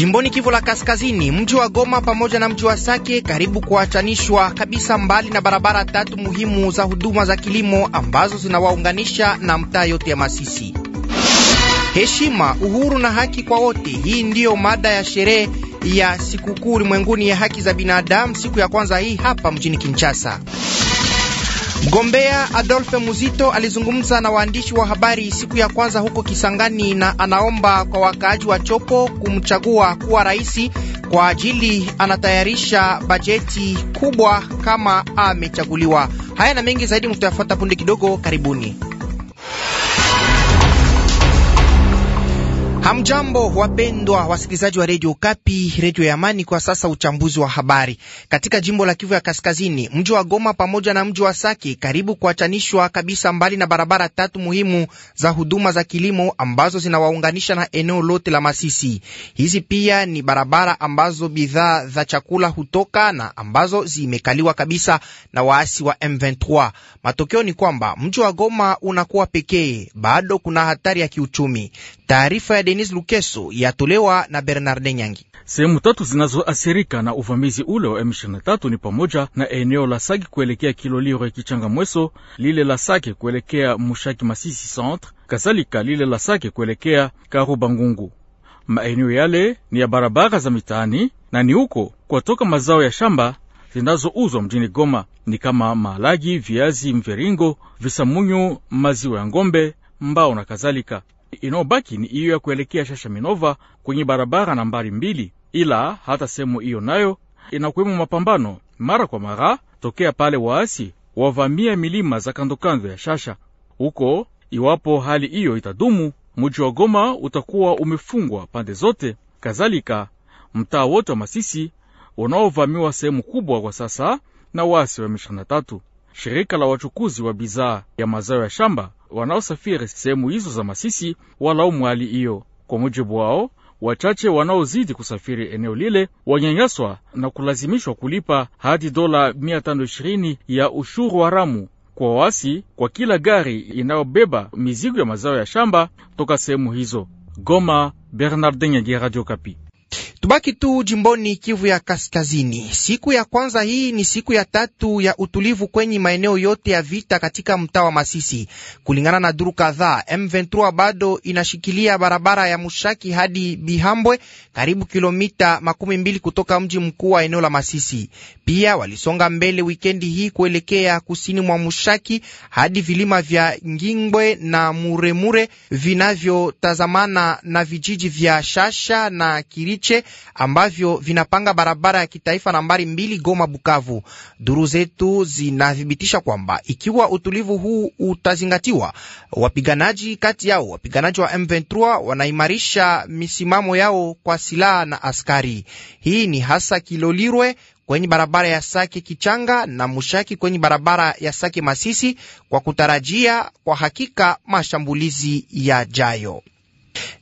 Jimboni Kivu la Kaskazini, mji wa Goma pamoja na mji wa Sake karibu kuachanishwa kabisa, mbali na barabara tatu muhimu za huduma za kilimo ambazo zinawaunganisha na mtaa yote ya Masisi. Heshima, uhuru na haki kwa wote, hii ndiyo mada ya sherehe ya sikukuu ulimwenguni ya haki za binadamu, siku ya kwanza hii hapa mjini Kinshasa. Mgombea Adolphe Muzito alizungumza na waandishi wa habari siku ya kwanza huko Kisangani na anaomba kwa wakaaji wa Chopo kumchagua kuwa rais kwa ajili anatayarisha bajeti kubwa kama amechaguliwa. Haya na mengi zaidi mtayafuata punde kidogo, karibuni. Hamjambo, wapendwa wasikilizaji wa redio Kapi, redio ya Amani. Kwa sasa uchambuzi wa habari katika jimbo la Kivu ya Kaskazini. Mji wa Goma pamoja na mji wa Sake karibu kuachanishwa kabisa, mbali na barabara tatu muhimu za huduma za kilimo ambazo zinawaunganisha na eneo lote la Masisi. Hizi pia ni barabara ambazo bidhaa za chakula hutoka na ambazo zimekaliwa kabisa na waasi wa M23. Matokeo ni kwamba mji wa Goma unakuwa pekee, bado kuna hatari ya kiuchumi Taarifa ya Denis Lukeso yatolewa na Bernard Nyangi. Sehemu tatu zinazoathirika na uvamizi ule wa M23 ni pamoja na eneo la Sake kuelekea Kiloliro ya Kichanga Mweso, lile la Sake kuelekea Mushaki Masisi centre, kadhalika lile la Sake kuelekea Karuba Ngungu. Maeneo yale ni ya barabara za mitaani na ni huko kwatoka mazao ya shamba zinazouzwa mjini Goma, ni kama maalagi, viazi mviringo, visamunyu, maziwa ya ng'ombe, mbao na kadhalika inayobaki ni iyo ya kuelekea shasha minova kwenye barabara nambari mbili, ila hata sehemu hiyo nayo inakuwemo mapambano mara kwa mara tokea pale waasi wavamia milima za kandokando ya Shasha huko. Iwapo hali hiyo itadumu, muji wa Goma utakuwa umefungwa pande zote, kadhalika mtaa wote wa Masisi unaovamiwa sehemu kubwa kwa sasa na waasi wa M23 shirika la wachukuzi wa bidhaa ya mazao ya shamba wanaosafiri sehemu hizo za Masisi walaumu hali hiyo. Kwa mujibu wao, wachache wanaozidi kusafiri eneo lile wanyanyaswa na kulazimishwa kulipa hadi dola 520 ya ushuru haramu kwa wasi kwa kila gari inayobeba mizigo ya mazao ya shamba toka sehemu hizo. Goma, Bernardin Nyangi, Radio Kapi. Tubaki tu jimboni Kivu ya Kaskazini. Siku ya kwanza hii ni siku ya tatu ya utulivu kwenye maeneo yote ya vita katika mtaa wa Masisi. Kulingana na duru kadhaa, M23 bado inashikilia barabara ya Mushaki hadi Bihambwe, karibu kilomita makumi mbili kutoka mji mkuu wa eneo la Masisi. Pia walisonga mbele wikendi hii kuelekea kusini mwa Mushaki hadi vilima vya ngingwe na Muremure vinavyotazamana na vijiji vya Shasha na Kiriche ambavyo vinapanga barabara ya kitaifa nambari mbili Goma Bukavu. Duru zetu zinathibitisha kwamba ikiwa utulivu huu utazingatiwa, wapiganaji kati yao wapiganaji wa M23 wanaimarisha misimamo yao kwa silaha na askari. Hii ni hasa Kilolirwe kwenye barabara ya Sake Kichanga na Mushaki kwenye barabara ya Sake Masisi kwa kutarajia kwa hakika mashambulizi yajayo.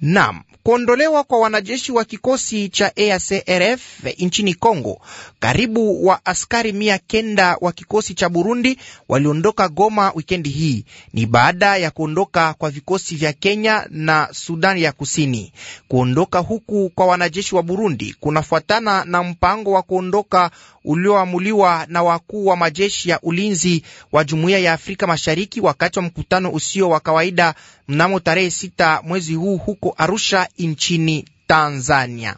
Naam, kuondolewa kwa wanajeshi wa kikosi cha EACRF nchini congo Karibu wa askari mia kenda wa kikosi cha Burundi waliondoka Goma wikendi hii, ni baada ya kuondoka kwa vikosi vya Kenya na Sudani ya Kusini. Kuondoka huku kwa wanajeshi wa Burundi kunafuatana na mpango wa kuondoka ulioamuliwa na wakuu wa majeshi ya ulinzi wa Jumuiya ya Afrika Mashariki wakati wa mkutano usio wa kawaida mnamo tarehe sita mwezi huu huko Arusha nchini Tanzania.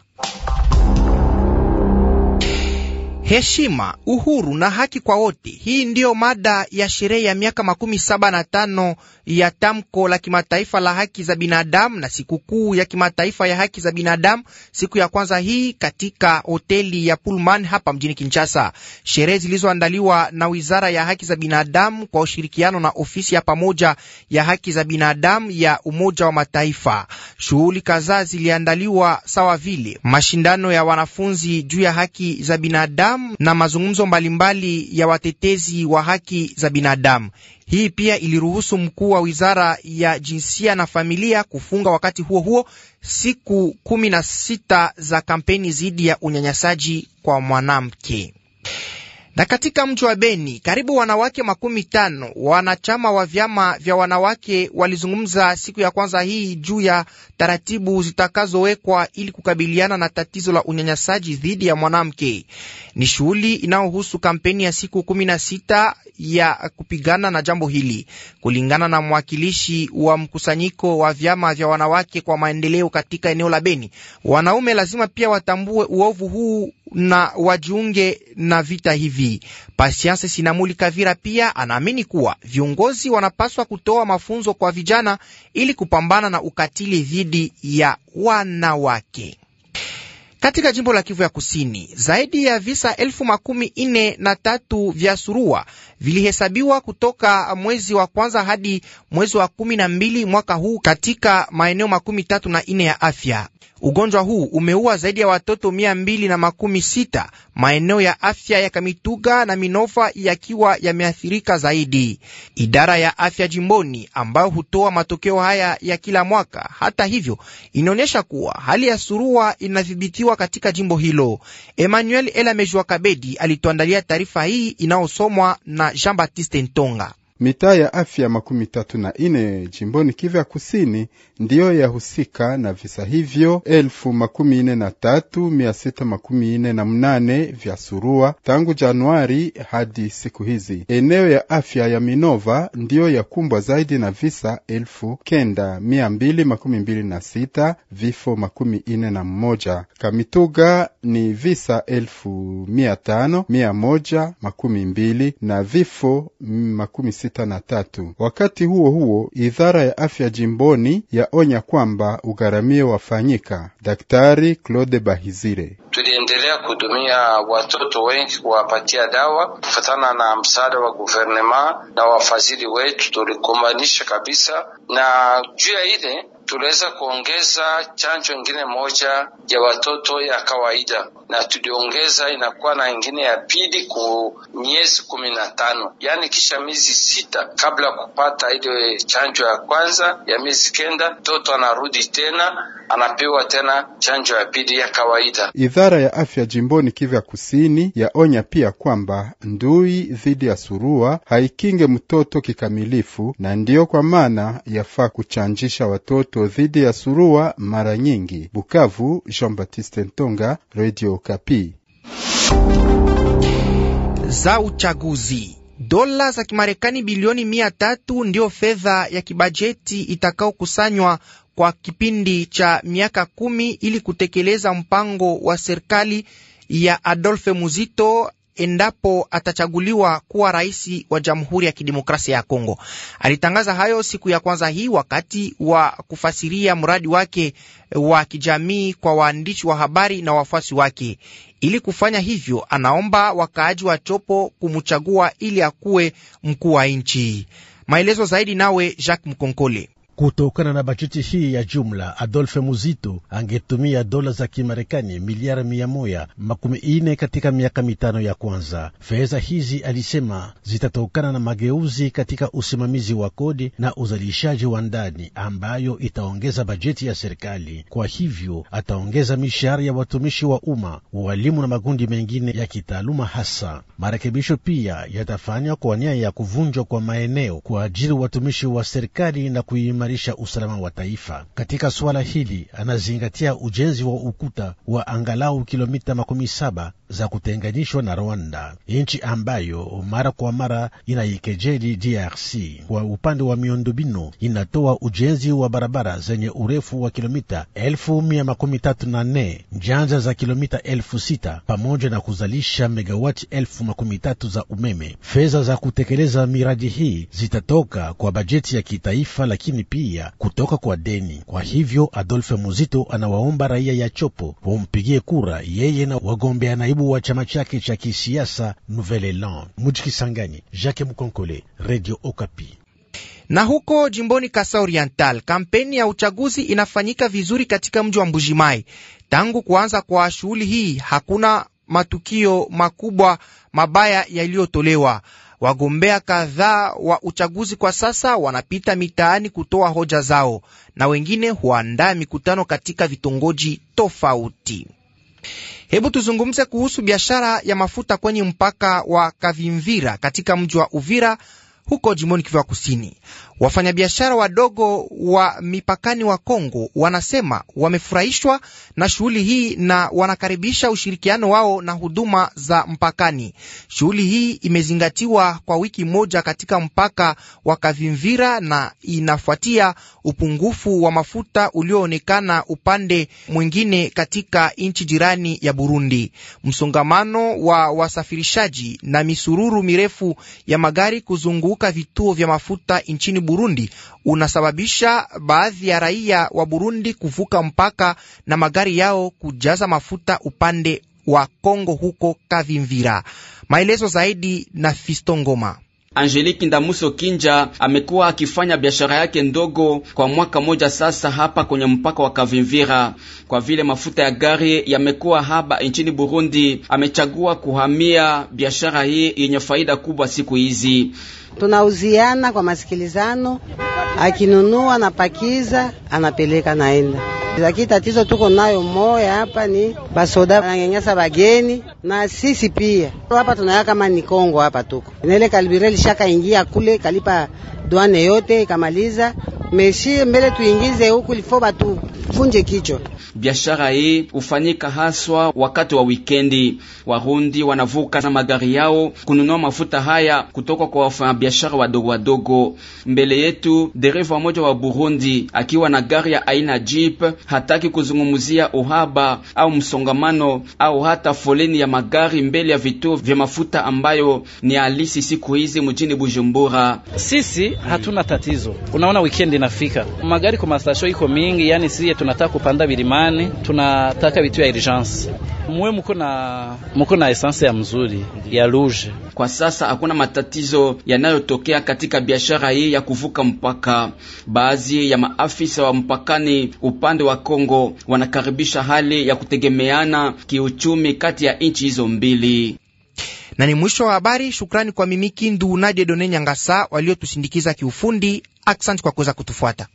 Heshima, uhuru na haki kwa wote. Hii ndiyo mada ya sherehe ya miaka makumi saba na tano ya tamko la kimataifa la haki za binadamu na sikukuu ya kimataifa ya haki za binadamu, siku ya kwanza hii katika hoteli ya Pullman hapa mjini Kinshasa. Sherehe zilizoandaliwa na Wizara ya Haki za Binadamu kwa ushirikiano na ofisi ya pamoja ya haki za binadamu ya Umoja wa Mataifa. Shughuli kadhaa ziliandaliwa sawa vile mashindano ya wanafunzi juu ya haki za binadamu binadamu na mazungumzo mbalimbali ya watetezi wa haki za binadamu. Hii pia iliruhusu mkuu wa wizara ya jinsia na familia kufunga wakati huo huo siku kumi na sita za kampeni dhidi ya unyanyasaji kwa mwanamke. Na katika mji wa Beni karibu wanawake makumi tano wanachama wa vyama vya wanawake walizungumza siku ya kwanza hii juu ya taratibu zitakazowekwa ili kukabiliana na tatizo la unyanyasaji dhidi ya mwanamke. Ni shughuli inayohusu kampeni ya siku kumi na sita ya kupigana na jambo hili. Kulingana na mwakilishi wa mkusanyiko wa vyama vya wanawake kwa maendeleo katika eneo la Beni, wanaume lazima pia watambue uovu huu na wajiunge na vita hivi. Pasiansi Sinamuli Kavira pia anaamini kuwa viongozi wanapaswa kutoa mafunzo kwa vijana ili kupambana na ukatili dhidi ya wanawake. Katika jimbo la Kivu ya Kusini, zaidi ya visa elfu makumi ine na tatu vya surua vilihesabiwa kutoka mwezi wa kwanza hadi mwezi wa kumi na mbili mwaka huu katika maeneo makumi tatu na ine ya afya. Ugonjwa huu umeua zaidi ya watoto mia mbili na makumi sita, maeneo ya afya ya Kamituga na Minova yakiwa yameathirika zaidi. Idara ya afya jimboni ambayo hutoa matokeo haya ya kila mwaka, hata hivyo, inaonyesha kuwa hali ya surua inadhibitiwa katika jimbo hilo. Emmanuel Elamejua Kabedi alituandalia taarifa hii inayosomwa na Jean Baptiste Ntonga. Mitaa ya afya makumi tatu na ine jimboni Kivu ya Kusini ndiyo yahusika na visa hivyo elfu makumi ine na tatu mia sita makumi ine na mnane vya surua tangu Januari hadi siku hizi. Eneo ya afya ya Minova ndiyo yakumbwa zaidi na visa elfu kenda mia mbili makumi mbili na sita vifo makumi ine na mmoja. Kamituga ni visa elfu mia tano mia moja makumi mbili na vifo makumi sita na tatu. Wakati huo huo, idhara ya afya jimboni yaonya kwamba ugharamie wafanyika. Daktari Claude Bahizire: tuliendelea kuhudumia watoto wengi, kuwapatia dawa kufatana na msaada wa guvernema na wafadhili wetu, tulikumanisha kabisa na juu ya ile tuliweza kuongeza chanjo ingine moja ya watoto ya kawaida, na tuliongeza inakuwa na ingine ya pili ku miezi kumi na tano, yaani kisha miezi sita kabla ya kupata ile chanjo ya kwanza ya miezi kenda, mtoto anarudi tena anapewa tena chanjo ya pili ya kawaida. Idara ya afya jimboni Kivya Kusini yaonya pia kwamba ndui dhidi ya surua haikinge mtoto kikamilifu, na ndiyo kwa maana yafaa kuchanjisha watoto watoto dhidi ya surua mara nyingi. Bukavu, Jean Baptiste Ntonga, Radio Kapi. za uchaguzi dola za Kimarekani bilioni mia tatu ndiyo fedha ya kibajeti itakaokusanywa kwa kipindi cha miaka kumi ili kutekeleza mpango wa serikali ya adolfe Muzito endapo atachaguliwa kuwa rais wa Jamhuri ya Kidemokrasia ya Kongo. Alitangaza hayo siku ya kwanza hii wakati wa kufasiria mradi wake eh, wa kijamii kwa waandishi wa habari na wafuasi wake. Ili kufanya hivyo, anaomba wakaaji wa Chopo kumchagua ili akuwe mkuu wa nchi. Maelezo zaidi nawe Jacques Mkonkole. Kutokana na bajeti hii ya jumla, adolfe Muzito angetumia dola za Kimarekani miliari mia moja makumi ine katika miaka mitano ya kwanza. Fedha hizi alisema zitatokana na mageuzi katika usimamizi wa kodi na uzalishaji wa ndani ambayo itaongeza bajeti ya serikali. Kwa hivyo ataongeza mishahara ya watumishi wa umma, walimu na makundi mengine ya kitaaluma hasa. Marekebisho pia yatafanywa kwa nia ya kuvunjwa kwa maeneo kwa ajili watumishi wa serikali na kuima kuimarisha usalama wa taifa. Katika suala hili, anazingatia ujenzi wa ukuta wa angalau kilomita makumi saba za kutenganishwa na Rwanda, nchi ambayo mara kwa mara inaikejeli DRC kwa upande wa miundombinu. Inatoa ujenzi wa barabara zenye urefu wa kilomita elfu mia makumi tatu na nne njanja za kilomita elfu sita pamoja na kuzalisha megawati elfu makumi tatu za umeme. Fedha za kutekeleza miradi hii zitatoka kwa bajeti ya kitaifa, lakini pia kutoka kwa deni. Kwa hivyo Adolfe Muzito anawaomba raia ya Chopo wampigie kura yeye na wagombea naibu wa chama chake cha kisiasa Nouvelle Elan. Mujikisangani, Jacques Mkonkole, Radio Okapi. Na huko jimboni Kasa Oriental, kampeni ya uchaguzi inafanyika vizuri katika mji wa Mbujimai. Tangu kuanza kwa shughuli hii, hakuna matukio makubwa mabaya yaliyotolewa. Wagombea kadhaa wa uchaguzi kwa sasa wanapita mitaani kutoa hoja zao na wengine huandaa mikutano katika vitongoji tofauti. Hebu tuzungumze kuhusu biashara ya mafuta kwenye mpaka wa Kavimvira katika mji wa Uvira huko jimoni Kivu ya Kusini. Wafanyabiashara wadogo wa mipakani wa Kongo wanasema wamefurahishwa na shughuli hii na wanakaribisha ushirikiano wao na huduma za mpakani. Shughuli hii imezingatiwa kwa wiki moja katika mpaka wa Kavimvira na inafuatia upungufu wa mafuta ulioonekana upande mwingine katika nchi jirani ya Burundi. Msongamano wa wasafirishaji na misururu mirefu ya magari kuzunguka kuzunguka vituo vya mafuta nchini Burundi unasababisha baadhi ya raia wa Burundi kuvuka mpaka na magari yao kujaza mafuta upande wa Kongo huko Kavimvira. Maelezo zaidi na Fisto Ngoma. Angelique Ndamuso Kinja amekuwa akifanya biashara yake ndogo kwa mwaka moja sasa hapa kwenye mpaka wa Kavimvira. Kwa vile mafuta ya gari yamekuwa haba nchini Burundi, amechagua kuhamia biashara hii yenye faida kubwa siku hizi tunauziana kwa masikilizano, akinunua napakiza, anapeleka naenda. Lakini tatizo tuko nayo moya hapa ni basoda wananyanyasa bageni na sisi pia hapa tunaya kama ni Kongo hapa tuko naile kalibireli shaka ingia kule kalipa duane yote ikamaliza meshi mbele tuingize huku lifo funje kichwa. Biashara hii hufanyika haswa wakati wa wikendi. Warundi wanavuka na magari yao kununua mafuta haya kutoka kwa wafanyabiashara wadogo wadogo. Mbele yetu dereva mmoja wa Burundi akiwa na gari ya aina jeep hataki kuzungumzia uhaba au msongamano au hata foleni ya magari mbele ya vituo vya mafuta ambayo ni halisi siku hizi mjini Bujumbura. Sisi hatuna tatizo, unaona wikendi nafika Magari kwa mastasho iko mingi, yani siye tunataka kupanda bilimani, tunataka vitu ya urgence muwe muko na muko na essence ya mzuri ya rouge. Kwa sasa hakuna matatizo yanayotokea katika biashara hii ya kuvuka mpaka. Baadhi ya maafisa wa mpakani upande wa Kongo wanakaribisha hali ya kutegemeana kiuchumi kati ya nchi hizo mbili na ni mwisho wa habari. Shukrani kwa Mimiki Nduunadi Edone Nyangasa waliotusindikiza kiufundi. Aksanti kwa kuweza kutufuata.